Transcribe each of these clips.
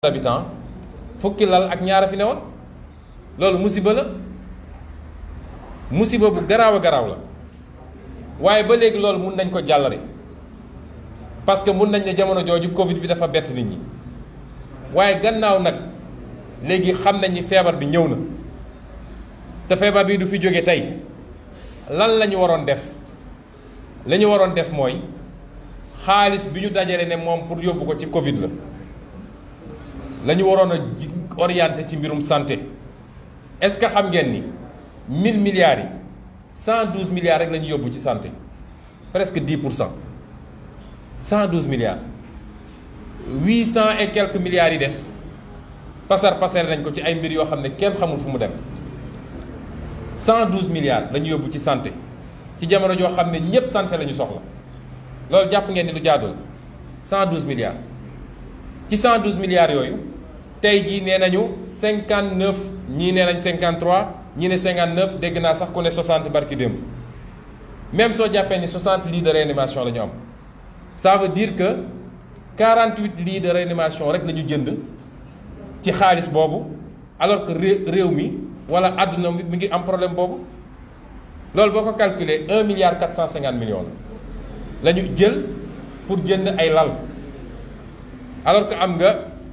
d'habitants fukki lal ak ñaara fi newoon loolu musiba la musiba bu garaaw a garaaw la waaye ba léegi loolu mun nañ ko jàllare parce que mun nañ ne jamono jooju Covid bi dafa bett nit ñi waaye gannaaw nag léegi xam nañ ni feebar bi ñëw na te feebar bi du fi jóge tey lan la ñu waroon def la waroon def mooy xaalis bi ñu dajale ne moom pour yóbbu ko ci Covid la. Nous warona waroon orienté ci mbirum santé est-ce que xam ngeen ni 1000 milliards 112 milliards rek lañu ñu ci santé presque 10 112 milliards 800 et quelques milliards yi Passer, passer, passer nañ ko ci ay mbir yo xamné ne kenn xamul fu mu dem 112 milliards lañu ñu ci santé ci jamono jo xamné ne santé lañu soxla lool japp ngeen ni lu jaadul 112 milliards ci 112 milliards yoyu Aujourd'hui, jii 59 nous avons 53 nous ne 59 nous avons sax 60 barki même si nous ni 60 lits de réanimation ça veut dire que 48 lits de réanimation rek la ñu jënd ci alors que Réumi... mi wala àdduna mi ngi am problème boobu loolu calculer 1 milliard 450 millions la pour jënd ay lal alors que am nga.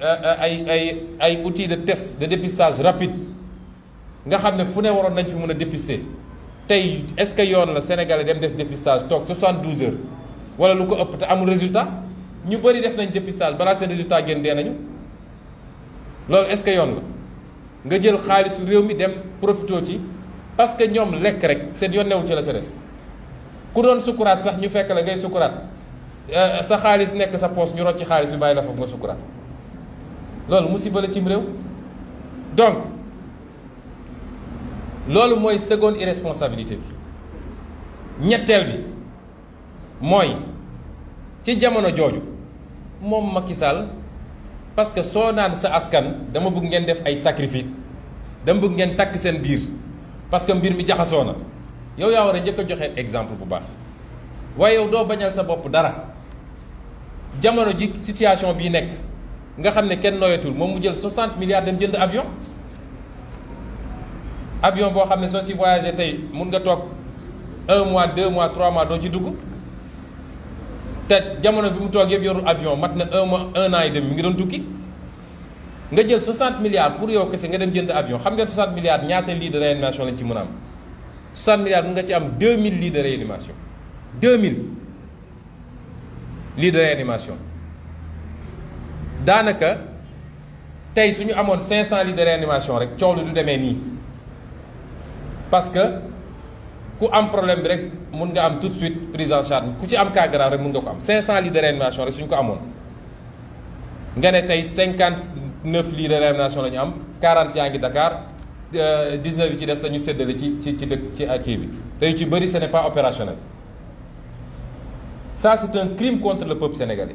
Euh, euh, ay ay ay outils de test de dépistage rapide nga xamné fune fu nañ fi mëna dépister tay est-ce que yone la Sénégalais dem def dépistage tok 72 heures wala lu ko ëpp té amul résultat ñu bari def nañ dépistage balaa seen résultat gën dé nañu lool est-ce que yone la nga jël xaaliss réew mi dem profito ci parce que ñom lekk rek seen yone wu ci la ca des ku doon sukuraat sax ñu fekk la ngay sukuraat euh, sa xaaliss nek sa poste ñu roc ci xaaliss bi bay la fa nga sukuraat loolu musiba la cim réew donc loolu mooy seconde irresponsabilité bi ñetteel bi mooy ci jamono jooju moom Macky parce que soo naan sa askan dama bëgg ngeen def ay sacrifice dama bëgg ngeen takk seen biir parce que mbir mi jaxasoo na yow yaa war a njëkk a joxe exemple bu baax waaye yow doo bañal sa bopp dara jamono ji situation bii nekk nga xamné kenn noyatul moom mu jël 60 milliards dem jënd avion avion bo xamné so ci si tay mën nga tok un mois 2 mois 3 mois do ci dugg te jamono bi mu tok yëpp yorul avion mat na un mois 1 an et demi mi ngi don tukki nga jël 60 milliards pour yow kese nga dem jënd avion xam nga 60 milliards ñaata lits de réanimation la ci 60 milliards mun nga ci am 2000 lits de réanimation 2000 lits de réanimation danaka tay suñu amone 500 lits de réanimation rek le du parce que ku am problème bi rek mën nga tout de suite prise en charge ku ci am cas grave rek mën nga ko 500 lits de réanimation rek suñ ko 59 lits de réanimation lañu am 40 yaangi Dakar 19 euh, ci des sédélé ci ci ci ce n'est pas opérationnel ça c'est un crime contre le peuple sénégalais.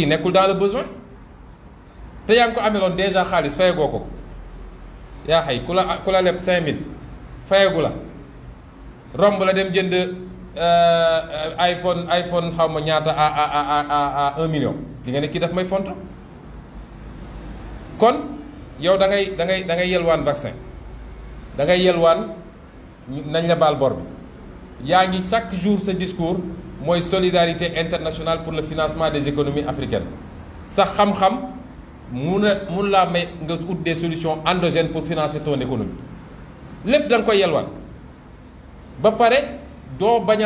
n'est dans le besoin de yaa ngi déjà ko Ya hay lepp 5000 romb la dem jënd euh, iPhone iPhone xawma ñaata à a a 1 million di nga ne daf may font kon yow da ngay da ngay da ngay vaccin da ngay nañ la bal bor bi chaque jour ce discours une solidarité internationale pour le financement des économies africaines sa xam-xam a des solutions endogènes pour financer ton économie ce da nga koy yelwaan ba pas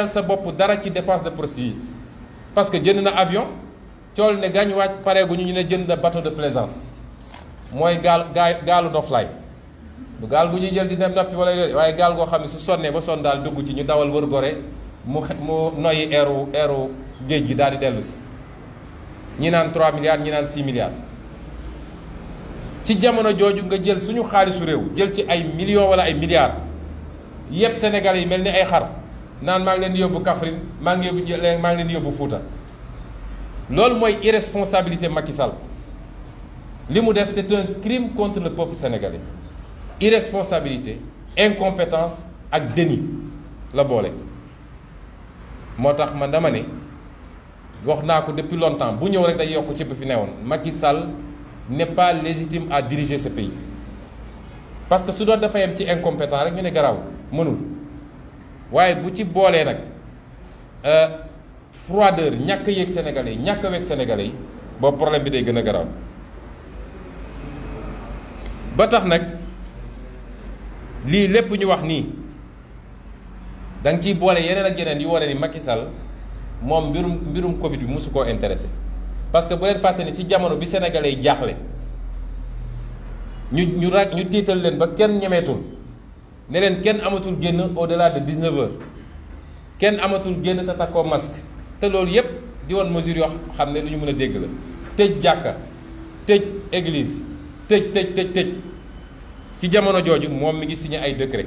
sa de procédure parce que un avion cool ne un de bateau de plaisance moi galu un bateau de gal jël di de wala mo noyi noyyi eeru eeru géej gi daal di dellu ñi 3 milliards ñi nan 6 milliards ci jamono joju nga jël suñu xaalisu rew jël ci ay millions wala ay milliards yépp sénégalais yi melni ay xar nan ma ngi leen yobbu yóbbu ma ngi yóbbu maa ngi leen yobbu yóbbu Fouta loolu mooy irresponsabilité Macky Sall li def c'est un crime contre le peuple sénégalais irresponsabilité incompétence ak déni la bolé motax man dama ne wax ko depuis longtemps bu ñew rek day yok ci bi fi newoon Macky Sall n'est pas légitime à diriger ce pays parce que su doon dafa yem ci incompétent rek ñu ne garaaw mënul waye bu ci nak euh froideur ñak yéeg sénégalais ñak ñàkk sénégalais yi problème bi day gëna a ba tax nak li lépp ñu wax ni da nga ciy boole yeneen ak yeneen yi wane ni Macky Sall moom mbirum mbirum Covid bi mosu koo intéressé parce que bu leen fàtte ci jamono bi sénégalais yi jaaxle ñu ñu rag ñu tiital leen ba kenn ñemeetul ne leen kenn amatul génn au delà de 19 heures kenn amatul génn te takkoo masque te loolu yépp di woon mesure yoo xam ne lu ñu mën a dégg la tëj jàkka tëj église tëj tëj tëj ci jamono jooju moom mu ngi signé ay décret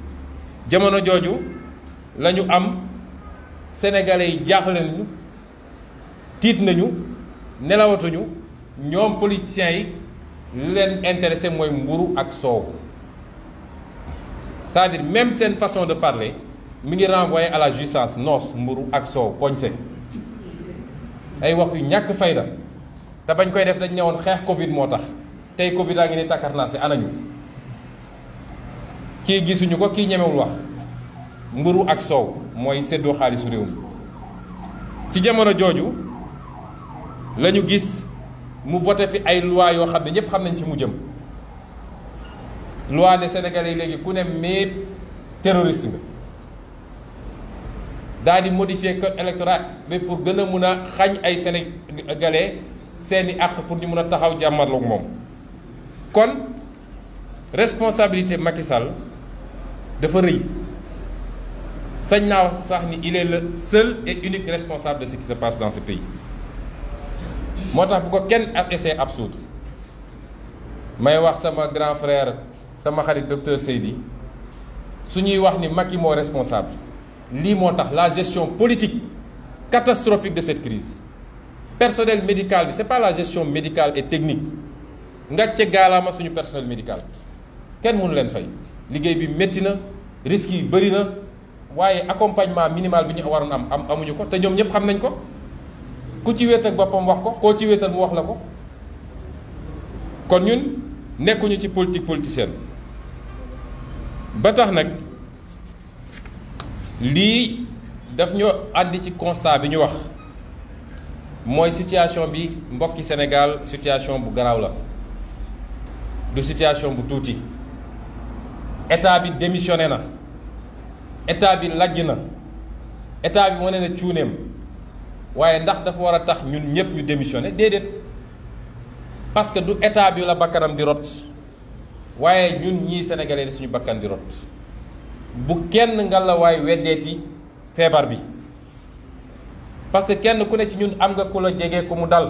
jamono joju la am sénégalais yi nañu nañu nelawatuñu ñom politiciens yi leen intéressé moy mburu c'est-à-dire même sen façon de parler mi ngi à la justice, nous mburu ak soow poñse ay wax yu ñak fayda te bañ koy def dañ ñewon xeex Covid motax Covid ni anañu kii gisuñu ko kii ñemewul wax mburu ak soow mooy séddoo xaalisu réew mi ci jamono jooju lañu gis mu voté fi ay loi yoo xam ne ñëpp xam nañ ci mu jëm loi ne sénégalais léegi ku ne méet terroriste nga daal di modifier code électoral bi pour gën a mun a xañ ay sénégalais seeni àq pour ñu mun a taxaw jàmmarloog moom kon responsabilité makisal de il est le seul et unique responsable de ce qui se passe dans ce pays Pourquoi pourquoi bu ko suis un may grand frère sama docteur Seydi Si wahni, wax ni responsable lii la gestion politique catastrophique de cette crise personnel médical ce n'est pas la gestion médicale et technique Je ce un suñu personnel médical Quel est le fay liggéey bi métti na risques yi bari na waaye accompagnement minimal bi ñu waroon am am amuñu ko te ñoom ñëpp xam nañ ko ku ci wéet ak boppam wax ko koo ci wéetal mu wax la ko kon ñun nekkuñu ci politique politicienne ba tax nag lii daf ñu andi ci constat bi ñu wax mooy situation bi mbokki Sénégal situation bu garaaw la du situation bu tuuti état bi démissionné na état bi lajj na état bi wane na cuuneem waaye ndax dafa war a tax ñun ñëpp ñu démissionné déedéet parce que du état bi la bakkanam di rot waaye ñun ñii sénégalais suñu bakkan di rot bu kenn nga la waay weddeeti feebar bi parce que kenn ku ne ci ñun am nga ku la jege ku mu dal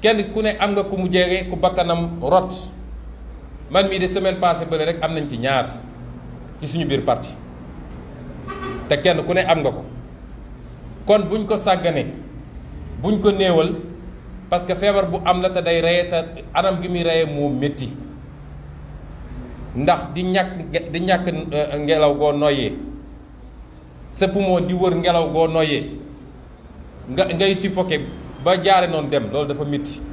kenn ku ne am nga ku mu jege ku bakkanam rot man mi de semaine passée beulé rek am nañ ci ñaar ci suñu biir parti té kenn ku né am nga ko kon buñ ko sàggane buñ ko néwal parce que fièvre bu am la té day rayé té anam gi mi rayé mo metti ndax di ñak di ñak euh, ngelaw goo noyyee sa poumon di wër ngelaw go noyé nga ngay sifoké ba jaaré non dem lolou dafa metti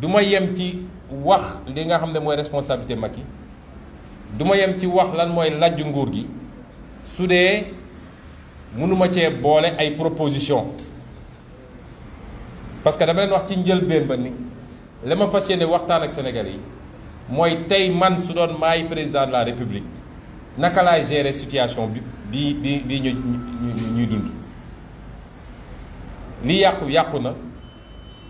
duma yem ci wax li nga xam ne mooy responsabilité Macky du ma yem ci wax lan mooy lajju nguur gi su dee mënuma cee boole ay proposition parce que dama leen wax ci njëlbeen ba ni la ma fas yéene waxtaan ak Sénégalais yi mooy tey man su doon maay président de la république naka laay gérer situation bi bi bi ñu ñuy dund li yàqu yàqu na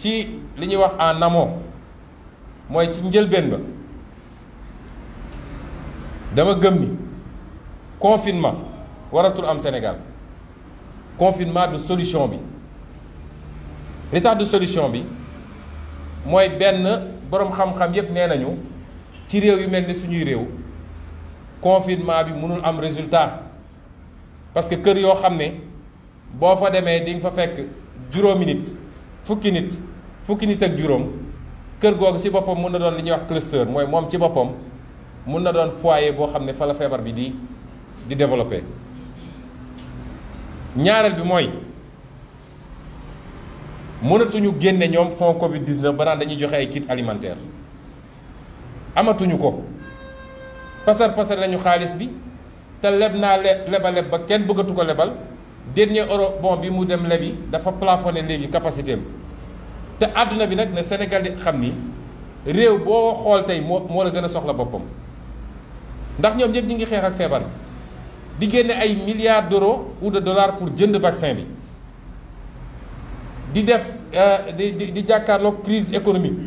Si li ñuy wax en amont je ci njëlbeen ba gëm confinement waratul am Sénégal confinement de solution bi État de solution bi mooy benn borom xam-xam yépp nee ci réew yu confinement bi am résultat parce que kër yoo ne fa demee di nga fa fekk fukki nit ak juróom kër googu ci bopam mun na doon li ñuy wax cluster moy mom ci bopam mun na doon foyer bo xamné ne fa la feebar bi di di développer ñaaral bi mooy mënatuñu génne ñom fonds Covid 19 ba naan dañuy joxé ay kit alimentaire amatuñu ko passer passer lañu xaalis bi te leb naa leb lebaleb ba kenn bëggatu ko lebal dernier euro bon bi mu dem lebi dafa plafonner léegi capacité am te àdduna bi nag na Sénégal di xam ni réew boo xool tey moo moo la gën a soxla boppam ndax ñoom ñëpp ñi ngi xeex ak feebar bi di génne ay milliards d'euros ou de dollars pour jënd vaccin bi di def euh, di di di jàkkaarloog crise économique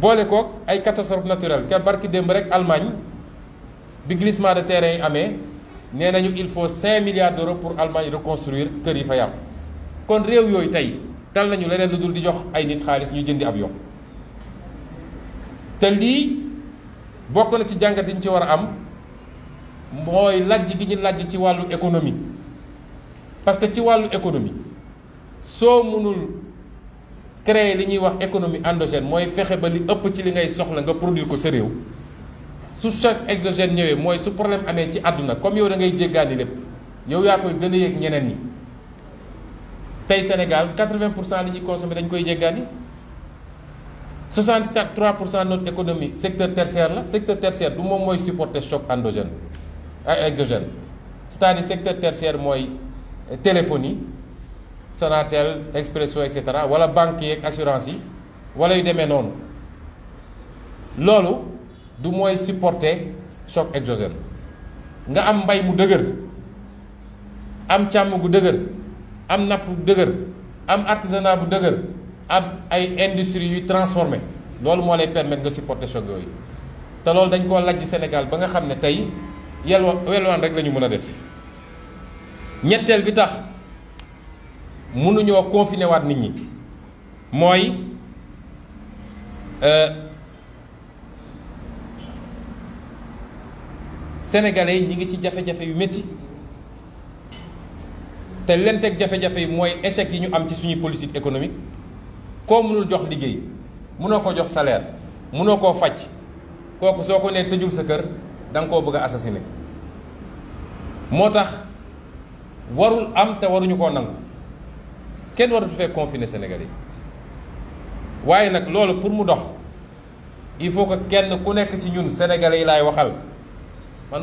boole kook ay catastrophe naturelle te barki démb rek Allemagne bi glissement de terrain yi amee nañu il faut 5 milliards d'euros pour Allemagne reconstruire kër yi fa yàqu kon réew yooyu tey. tal nañu leneen lu di jox ay nit xaaliss ñu jëndi avion te li bokk na ci jàngat yi ñu ci war a am mooy lajj gi ñu lajj ci wàllu économie parce que ci wàllu économie soo mënul créer li ñuy wax économie endogène mooy fexe ba li ëpp ci li ngay soxla nga produire ko sa réew su choc exogène ñëwee mooy su problème amee ci àdduna comme yow da ngay jéggaani lépp yow yaa koy gën a yëg ñeneen ñi tey Sénégal 80 pour cent li ñuy consommé dañ koy jéggaani 64 3 pour cent notre économie secteur tertiaire la secteur tertiaire du moom mooy supporter choc endogène ay euh, exogène c'est-à-dire secteur tertiaire mooy téléphonie Sonatel Expresso et cetera wala banque yeeg assurance yi wala yu demee noonu loolu du mooy supporter choc exogène nga am mbay mu dëgër am càmm gu dëgër. am y bu dëgër am artisanat bu dëgër am ay industrie transformé loolu lay permettre nga supporter choc yooyu te dañ Sénégal ba nga xam ne tey yelwa rek a def ñetteel bi euh, sénégalais ñi ngi ci te lenteeg jafe-jafe yi mooy échec yi ñu am ci suñu politique économique koo mënul jox liggéey mënoo ko jox salaire mënoo koo faj kooku soo ko nee tëjul sa kër bëgg assassiné. warul am te waruñu koo nangu kenn waratu fee confiné Sénégal yi waaye loolu pour mu il faut que kenn ku nekk ci ñun sénégalais yi waxal man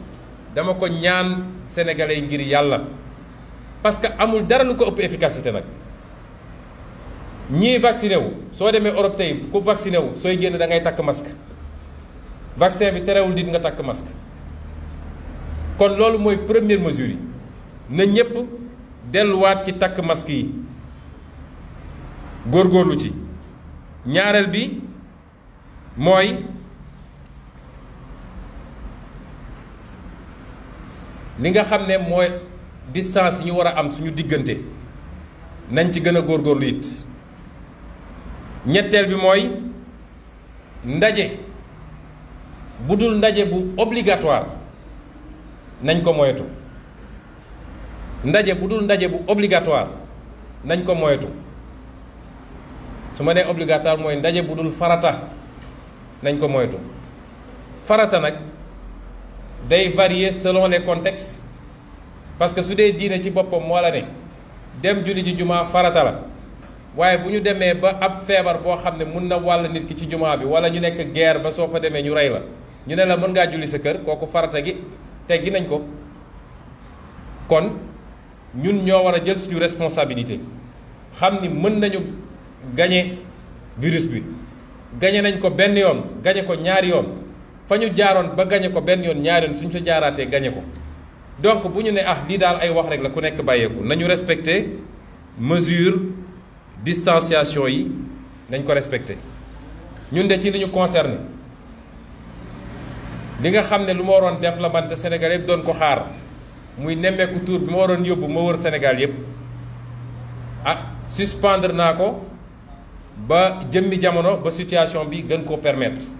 dama ko ñaan sénégalais ngir yalla parce que amul dara lu ko upp efficacité nak ñi vacciné wu so démé Europe tay ku vacciné wu soy génn da ngay tak masque vaccin bi téréwul dit nga tak masque kon lolu moy première mesure na ñepp ñëpp wat ci tak masque yi lu ci bi moy li nga xam ne mooy distance yi ñu war a am suñu diggante nañ ci gën a góorgóorlu it ñetteel bi mooy ndaje bu dul ndaje bu obligatoire nañ ko moyetu ndaje bu dul ndaje bu obligatoire nañ ko moyetu su ma nee obligatoire mooy ndaje bu dul farata nañ ko moytu farata nag day varier selon les contextes parce que dit que... diine ci bopom mo la né dem julli ci juma farata la waye buñu démé ba ab bo xamné ne na vous nit ki ci juma bi wala ñu guerre ba sofa démé ñu ray la ñu la mën julli sa kër vous farata gi nañ ko kon ñun jël suñu responsabilité xam ni mën nañu gagner virus bi gagner nañ ko ben yoon gagner ko ñaar yoon fa ñu jaaroon ba gañe ko benn yoon ñaareen suñu suñ fa jaaraatee gañe ko donc bu ñu ne ah lii daal ay wax rek la ku nekk bàyyeeku nañu respecter mesure distanciation yi nañ ko respecter ñun de ci li ñu concerné li nga xam ne lu ma waroon def la man Sénégal yëpp doon ko xaar muy nemmeeku tuur bi ma waroon yóbbu ma wër Sénégal yëpp ah suspendre naa ko ba jëmmi jamono ba situation bi gën koo permettre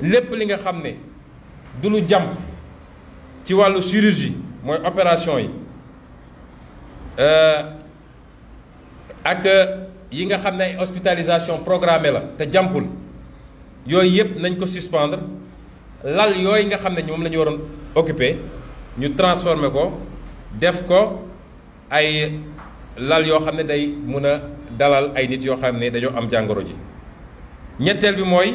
lépp li nga xam ne du lu jàmp ci wàllu chirurgie mooy opération yi euh, ak yi nga xam ne ay hospitalisation programmée la te jàmpul yooyu yëpp nañ ko suspendre lal yooyu nga xam ne moom la ñu waroon occupé ñu transformer ko def ko ay lal yoo xam ne day mun a dalal ay nit yoo xam ne dañoo am jàngoro ji ñetteel bi mooy.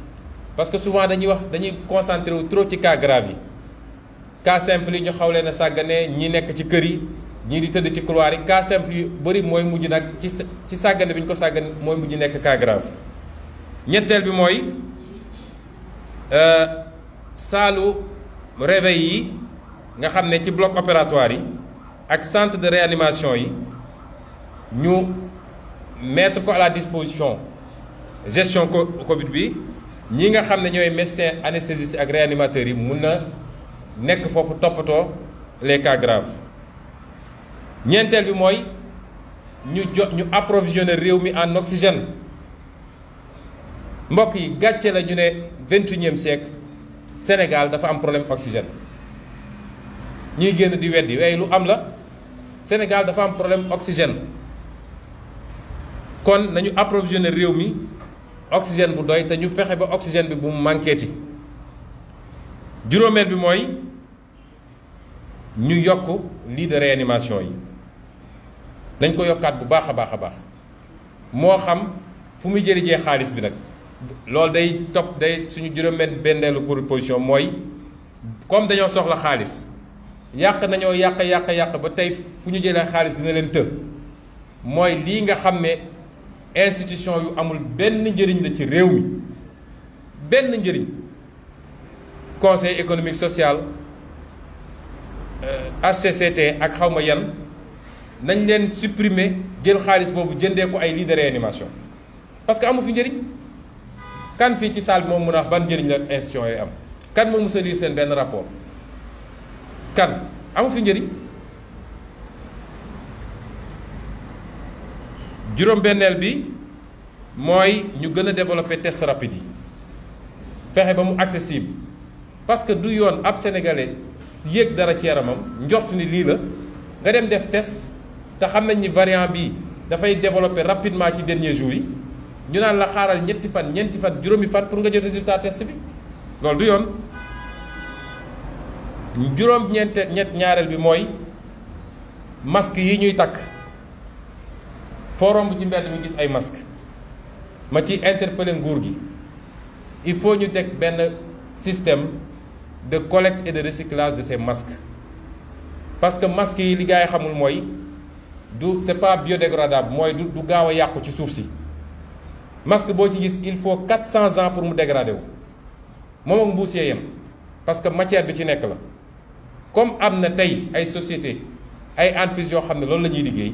parce que souvent dañuy wax dañuy concentré wu trop ci cas grave yi cas simple yi ñu xaw leen a sàgganee ñi nekk ci kër yi ñii di tëdd ci couloir yi cas simple yu bëri mooy mujj nag ci ci sàggane bi ko sàggane mooy mujj nekk cas grave ñetteel bi mooy euh, saalu réveil yi nga xam ne ci bloc opératoire yi ak centre de réanimation yi ñu mettre ko à la disposition gestion Covid bi ñi nga xamné ñoy médecin anesthésiste ak réanimateur yi mun nek fofu topato, les cas graves ñeenteel bi moy ñu ñu approvisionner réew mi en oxygène mbokk yi gatché la ñu né 21e siècle Sénégal dafa am problème oxygène ñi génn di wéddi way lu am la Sénégal dafa am problème oxygène kon nañu approvisionner réew mi oxygène bu doy te ñu fexe ba oxygène bi bu mu manqueeti juróomeel bi mooy ñu yokk lits de réanimation yi dañ ko yokkaat bu baax a baax a baax moo xam fu muy jee xaalis bi nag loolu day topp day suñu juróomeel benneelu proposition mooy comme dañoo soxla xaalis yàq nañoo yàq yàq yàq ba tey fu ñu jëlee xaalis dina leen të mooy lii nga xam ne institution yu amul benn njëriñ la ci réew mi benn njëriñ conseil économique social HCCT euh, ak xawma yan nañ leen supprimer jël xaalis boobu jëndee ko ay lits de réanimation parce que amu fi njëriñ kan fii ci salle bi moom mun a ban njëriñ la institution yooyu am kan moo mës a lire seen benn rapport kan amu fi njëriñ juróom-benneel bi mooy ñu gën a développer test rapide yi fexe ba mu accessible parce que du yoon ab sénégalais yéeg dara ci yaramam njort ni lii la nga dem def test te xam nañ ni variant bi dafay développer rapidement ci dernier jour yi ñu naan la xaaral ñetti fan ñeenti fan juróomi fan pour nga jot résultat test bi loolu du yoon juróom ñeente ñett ñaareel bi mooy masque yi ñuy takk Forum bu ci mbedd mi gis ay masque ma ci interpeller nguur gi il faut ñu teg benn système de collecte et de recyclage de ces masques parce que masque yi li gars yi xamul mooy du c'est pas biodégradable mooy du du gaaw a yàqu ci suuf si masque boo ci gis il faut 400 ans pour mu dégrader wu moom ak mbuusee parce que matière bi ci nekk la comme am na tey ay société ay entreprises yoo xam ne loolu la ñuy liggéey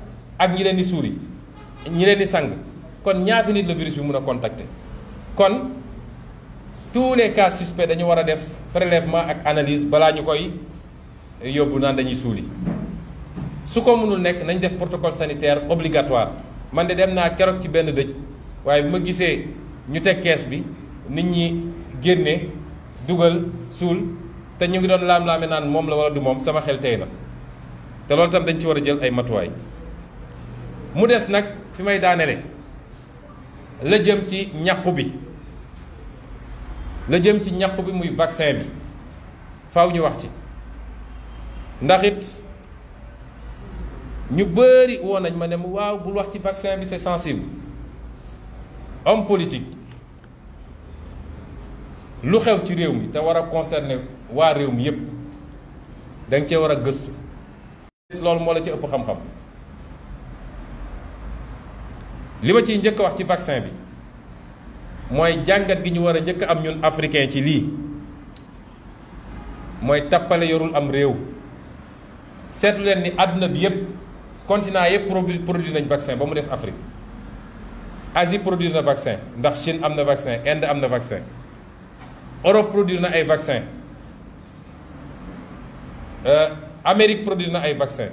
ak ñi leen di suuli ñi leen di sang kon ñaata nit la virus bi mun a contacter kon tous les cas suspects dañu war a def prélèvement ak analise balaa ñu koy yóbbu naan dañuy suuli su ko mënul nekk nañ def protocole sanitaire obligatoire man de dem naa keroog ci benn dëj waaye bu ma gisee ñu teg kees bi nit ñi génne dugal suul te ñu ngi doon laam-laame naan moom la wala du moom sama xel tey na te loolu tam dañ ci war a jël ay matuwaay. mu des nag fi may daanele la jëm ci ñàqu bi la jëm ci ñàqu bi muy vaccin bi faw ñu wax ci ndaxit it ñu bëri woon nañ ma ne mu waaw bul wax ci vaccin bi c'est sensible homme politique lu xew ci réew mi te war a concerner waa réew mi yépp da cee war a gëstu loolu moo la ci ëpp xam-xam li ma ciy njëkk wax ci vaccin bi mooy jàngat gi ñu war a njëkk am ñun africain ci lii mooy tappale yorul am réew seetlu leen ni àdduna bi yépp continent yépp produit nañ vaccin ba mu des Afrique Asie produire na vaccin ndax Chine am na vaccin Inde am na vaccin Europe produire na ay vaccin euh, Amérique produire na ay vaccin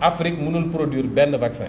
Afrique mënul produire benn vaccin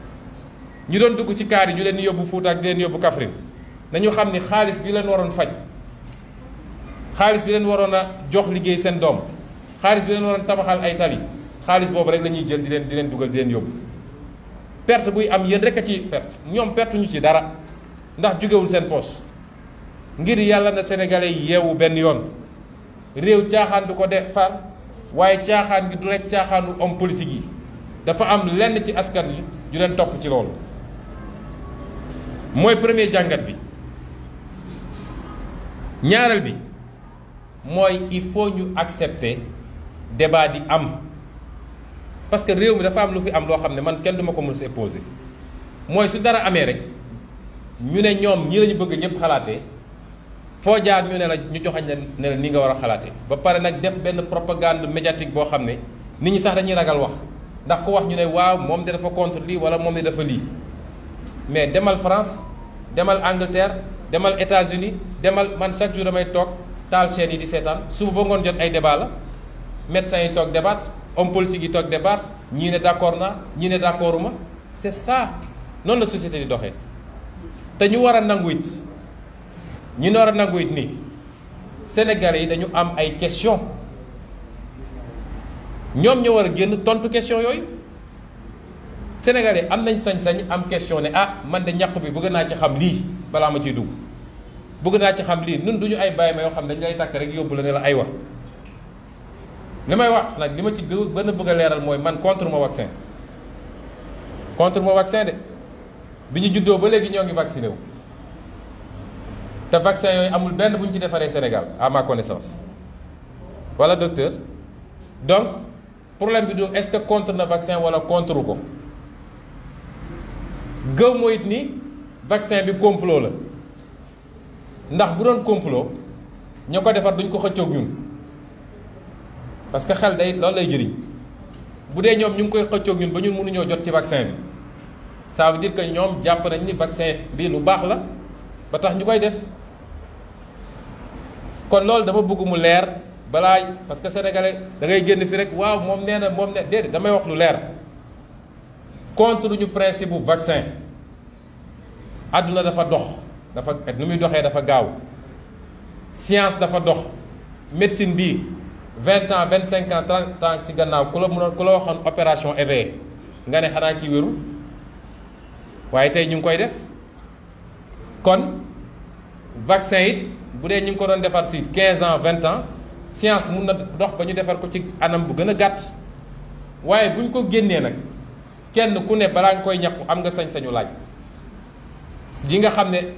ñu doon dugg ci kaar yi ñu leen di yóbbu Fuuta ak di leen yóbbu Kaffrine nañu xam ni xaalis bi leen waroon faj xaalis bi leen waroon a jox liggéey seen doom xaalis bi leen waroon tabaxal ay tali xaalis boobu rek la ñuy jël di leen di leen dugal di leen yóbbu perte buy am yéen rek a ci perte ñoom perte ñu ci dara ndax jógewul seen poos ngir yàlla na sénégalais yeewu benn yoon réew caaxaan du ko far waaye caaxaan gi du rek caaxaanu homme politique yi dafa am lenn ci askan yi ñu leen topp ci loolu moy premier jangat bi ñaaral bi moy il faut ñu accepter débat di am parce que réew mi dafa am lu fi am lo xamné man kenn duma ko mën a opposer mooy su dara amé rek ñu né ñom ñi lañu bëgg ñëpp xalaté fo jaar ñu né la ñu joxañ la ne ni nga wara xalaté ba paré nak def benn propagande médiatique bo xamné ne nit ñi sax dañuy ragal wax ndax ko wax ñu né waaw mom de dafa contre li wala mom de dafa li mais demal France demal Angleterre demal États-Unis demal man chaque jour damay tok tal chaîne yi di seetaan suba bo ngone jot ay débat la médecins yi tok débat homme politique yi tok débat ñi né d'accord n'a, ñi né d'accorduma c'est ça non la société di doxé té ñu wara nanguit ñi no wara nanguit ni. Sénégalais yi dañu am ay questions ñom ñu wara a génn tontu question yooyu sénégalais am nañ sañ am ne ah man de ñàkk bi bëgg na ci xam li bala ma ci dugg bëgg na ci xam Nous ñun du ay ma xam dañ lay rek ne la ay wax limay wax nak lima ci gën bëgg man contre mon vaccin contre mon vaccin de biñu juddoo ba léegi ñoo vacciné wu te vaccin yooyu amul benn buñ ci Sénégal à ma connaissance Voilà, docteur donc problème bi du est-ce que contre na vaccin wala contre ko gëw moo it ni vaccin bi complot la ndax bu doon complot ñoo ko defar duñ ko xëccoog ñun parce que xel day loolu lay jëriñ bu dee ñoom ñu ngi koy xëccoog ñun ba ñun mënuñoo jot ci vaccin bi saabu veut dire ñoom jàpp nañ ni vaccin bi lu baax la ba tax ñu koy def kon loolu dama bëgg mu leer balaa parce que sénégalais da ngay génn fi rek waaw moom nee na moom ne déedéet damay wax lu leer contre le principe vaccin. adula dafa dox dafa et numuy doxé dafa gaaw science dafa dox médecine bi 20 ans 25 ans 30 ans ci gannaaw kula mënon waxon opération EV nga né xana ci wëru waye tay ñu koy def kon vaccin it boudé ñu ko défar ci 15 ans 20 ans science mëna dox bañu défar ko ci anam bu gëna gatt waye buñ ko nak kenn ku ne balaa nga koy ñàkku am nga sañ-sañu laaj li nga xam ne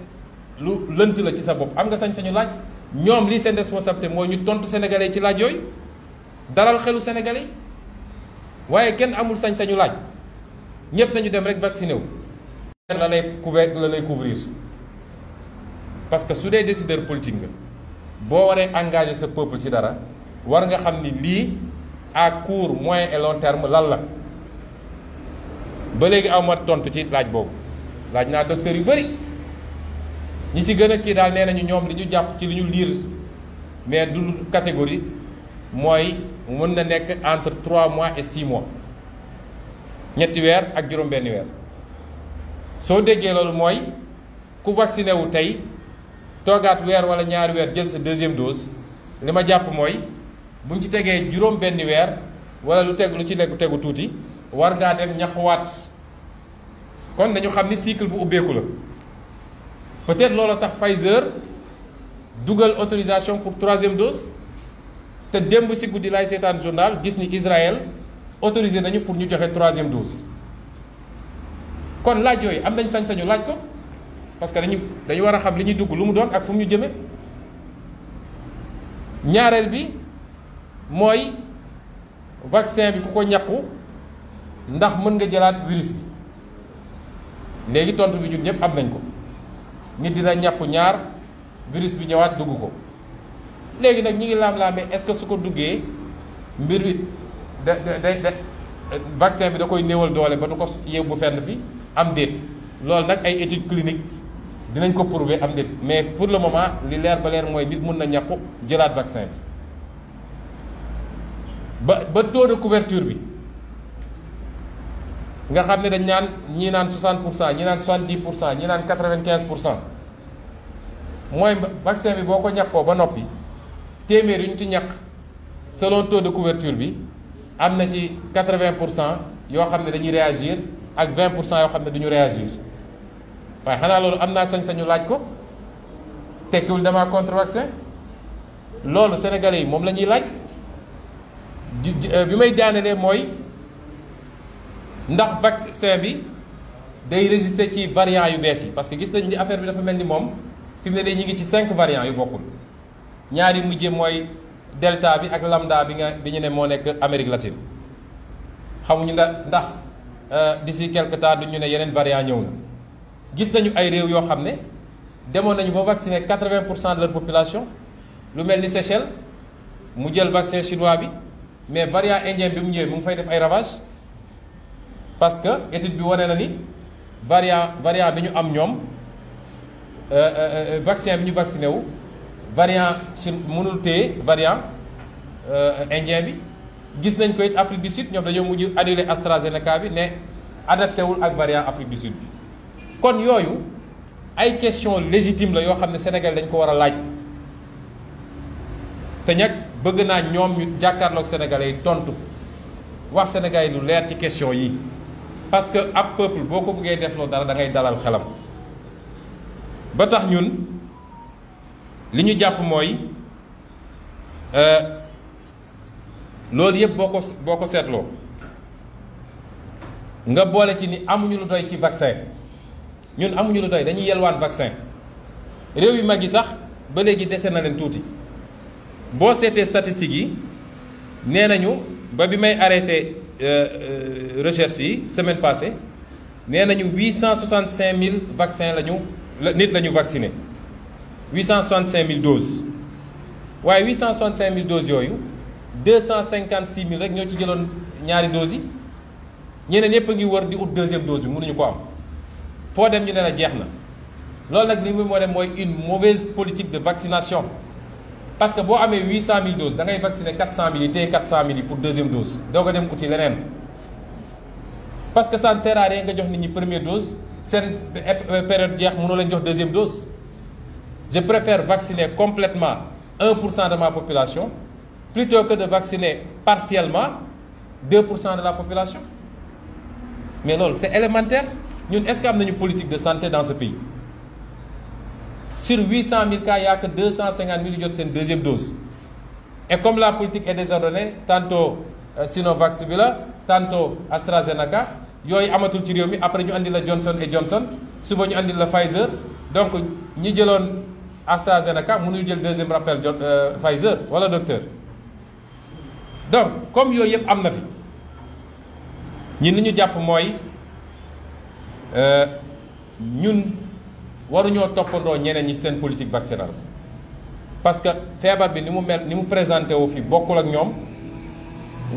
lu lënt la ci sa bopp am nga sañ-sañu laaj ñoom lii seen responsabilité mooy ñu tontu sénégalais ci laaj yooyu dalal xelu sénégalais waaye kenn amul sañ-sañu laaj ñépp nañu dem rek vacciné wu la lay couvrir la lay couvrir parce que su dee décideur politique nga boo waree engagé sa peuple ci dara war nga xam ni lii à cour moyen et long terme lan la ba léegi aw tontu ci laaj boobu laaj naa docteur yu bëri ñi ci gën a kii daal nee nañu ñoom li ñu jàpp ci li ñu liir mais du catégorie mooy mën na nekk entre trois mois et sii mois ñetti weer ak juróom-benni weer soo déggee loolu mooy ku vacciné wu tey toogaat weer wala ñaari weer jël sa deuxième dose li ma jàpp mooy buñ ci tegee juróom-benni weer wala lu teg lu ci nekk tegu tuuti. war ngaa dem ñaquwaat kon nañu xam ni cycle bu ubbeeku la peut-être loolu tax Pfizer dugal autorisation pour troisième dose te démb si guddi laay seetaan journal gis ni Israël autorisé nañu pour ñu joxe troisième dose kon laaj yooyu am nañ sañ-sañu laaj ko parce que dañu dañu war a xam li ñuy dugg lu mu doon ak fu mu ñu jëme ñaareel bi mooy vaccin bi ku ko ñàkku ndax mën nga jëlaat virus bi léegi tontu bi ñun ñëpp am nañ ko nit dina ñàpp ñaar virus bi ñëwaat dugg ko léegi nag ñi ngi laam-laamee est-ce que su ko duggee mbir wi da da da vaccin bi da koy néewal doole ba du ko bu fenn fi am déet loolu nag ay étude clinique dinañ ko prouver am déet mais pour le moment li leer ba leer mooy nit mun na ñàpp jëlaat vaccin bi ba ba taux de couverture bi nga xamné dañ ñaan ñi naan 60 ñi cent naan 70 ñi cent naan 95 moy vaccin bi boko ñakko ba nopi téeméer yu ñu ci ñak selon taux de couverture bi amna ci 80 yo xamné dañuy réagir ak 20 yo xamné yoo duñu réagir way xanaa lolu amna sañ-sañu laaj ko tekkiwul dama contre vaccin lolu sénégalais mom lañuy laaj euh, bi may jaanelee moy ndax vaccin bi day résister ci variant yu bees yi parce que gis nañ ni affaire bi dafa mel ni moom fi mu ne ñu ngi ci cinq variants yu bokkul ñaari mujje mooy delta bi ak lambda bi nga bi ñu ne moo nekk Amérique latine xamuñu ndax ndax euh, d'ici quelque temps ñu ne yeneen variant ñëw na gis nañu ay réew yoo xam ne demoon nañu ba vacciner 80 pour cent de leur population lu mel ni Seychelles mu jël vaccin chinois bi mais variant indien bi mu ñëwee mu ngi fay def ay ravages parce que étude bi na ni variant variant bi ñu am euh, euh, euh vaccin bi ñu vacciné wu variant variant euh, Afrique du Sud ñom dañu AstraZeneca adapté ak variant Afrique du Sud bi kon yoyu ay question légitime la Sénégal laaj bëgg Sénégalais tontu wax Sénégalais lu question parce que ab peuple boo ko bëggee defloo dara da ngay dalal xelam ba tax ñun li ñu jàpp mooy euh, loolu yëpp boo ko boo ko seetloo nga boole ci ni amuñu lu doy ci vaccin ñun amuñu lu doy dañuy yelwaan vaccin réew yu mag yi sax ba léegi dese na leen tuuti boo seetee statistiques yi nee nañu ba bi may arrêté. Euh, euh, recherche semaine passée nous avons 865 000 vaccins nous avons vaccinés. 865 000 doses Oui, 865 000 doses 256 000 nous avons ci doses nous avons deuxième dose nous avons une mauvaise politique de vaccination parce que si avez 800 000 doses vous ngay vacciner 400 000, 400 400 000 pour deuxième dose Donc, parce que ça ne sert à rien que vous première dose une période de vous deuxième dose je préfère vacciner complètement 1 de ma population plutôt que de vacciner partiellement 2 de la population mais non, c'est élémentaire Nous est-ce y a politique de santé dans ce pays sur 800 000 cas, il n'y a que 250 000 qui ont une deuxième dose. Et comme la politique est désordonnée, tantôt euh, Sinovac, tantôt AstraZeneca, il y a réew après nous, andi la Johnson et Johnson suba nous andi Pfizer donc ñi avons AstraZeneca avons jël deuxième rappel euh, Pfizer Voilà, docteur donc comme nous avons am na fi ñi ni ñu jàpp mooy euh, ñun. waruñoo toppandoo ñeneen ñi seen politique vaccinale parce que feebar bi ni mu mel ni mu présenté wu fii bokkul ak ñoom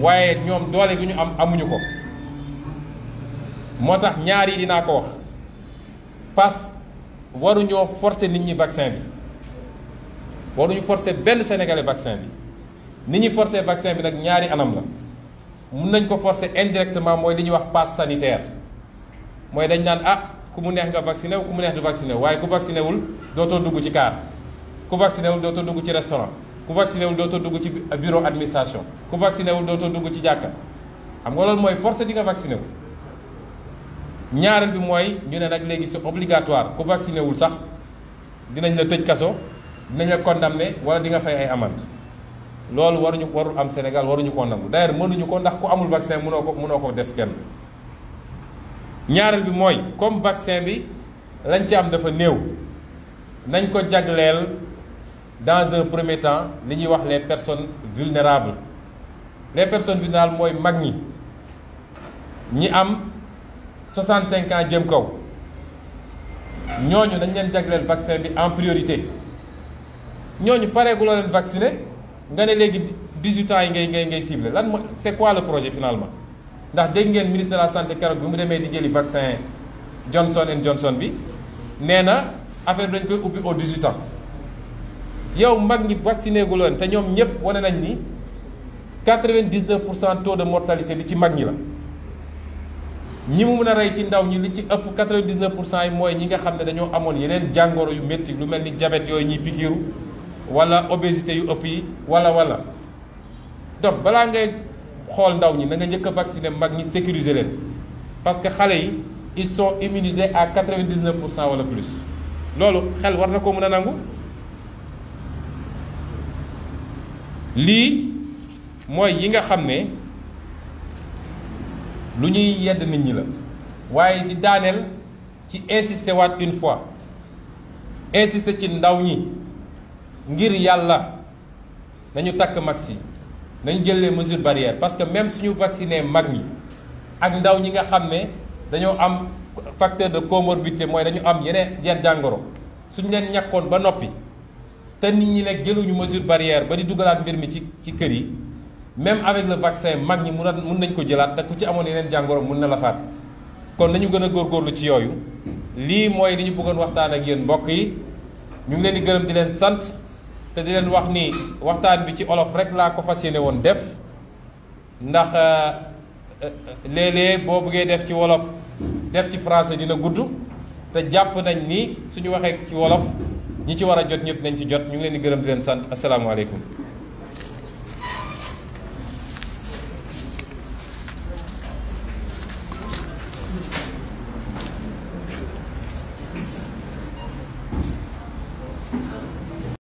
waaye ñoom doole gi ñu am amuñu ko moo tax ñaar yi dinaa ko wax parce waruñoo forcer nit ñi vaccin bi waruñu forcer benn sénégalais vaccin bi ni ñuy forcer vaccin bi nag ñaari anam la mun nañ ko forcer indirectement mooy li ñuy wax passe sanitaire mooy dañ naan ah. ku mu neex nga vacciné wu ku mu neex du vacciné wu waaye ku vacciné wul dootoo dugg ci kaar ku vacciné wul dootoo dugg ci restaurant ku vacciné wul dootoo dugg ci bureau administration ku vacciné wul dootoo dugg ci jàkka xam nga loolu mooy forcé di nga vacciné wu. ñaareel bi mooy ñu ne nag léegi c'est obligatoire ku vacciné wul sax dinañ la tëj kaso dinañ la condamné wala di nga fay ay amande loolu waruñu warul am Sénégal waruñu koo nangu d'ailleurs mënuñu ko ndax ku amul vaccin mënoo ko mënoo ko def kenn. ñaaral bi mooy comme vaccin bi lañ ci am dafa néew nañ ko dans un premier temps li les personnes vulnérables les personnes vulnérables mooy mag ñi am 65 ans jëm kaw ñooñu nañ leen le vaccin bi en priorité ñooñu vacciné nga ne 18 ans ngay c'est quoi le projet finalement ndax dégg ngeen ministre de la santé keroog bi mu demee di jëli vaccin Johnson and Johnson bi nee na affaire bi dañ koy ubbi au 18 ans yow mag ñi si gu loon te ñoom ñëpp wane nañ ni 99 pour cent taux de mortalité li ci mag ñi la. ñi mu mën a rey ci ndaw ñi li ci ëpp 99 pour cent yi mooy ñi nga xam ne dañoo amoon yeneen jàngoro yu métti lu mel ni jabet yooyu ñuy pikiru wala obésité yu ëpp yi wala wala donc balaa ngay. xool ndaw ñi na nga njëkk a vacciner mag ñi sécuriser leen parce que xale yi ils sont immunisés à 99 pour cent wala plus loolu xel war na ko mën a nangu lii mooy yi nga xam ne lu ñuy yedd nit ñi la waaye di daaneel ci insister waat une fois insister ci ndaw ñi ngir yàlla nañu takk max yi nañ jël les mesures barrières parce que même suñu vacciné mag ñi ak ndaw ñi nga xam ne dañoo am facteur de comorbidité mooy dañu am yeneen yenn jàngoro suñ leen ñàkkoon ba noppi te nit ñi nekk jëluñu mesure barrière ba di dugalaat mbir mi ci ci kër yi même avec le vaccin mag ñi mun mun nañ ko jëlaat te ku ci amoon yeneen jàngoro mun na la faat kon nañu gën a góorgóorlu ci yooyu lii mooy li ñu bëggoon waxtaan ak yéen mbokk yi ñu ngi leen di gërëm di leen sant. te di len wax ni waxtaan bi ci olof rek la ko fasiyene won def ndax euh, euh, lele bo bëgge def ci wolof def ci français dina guddu te japp nañ ni suñu waxe ci wolof ñi ci wara jot ñep nañ ci jot ñu ngi leen di gërëm di leen sant alaykum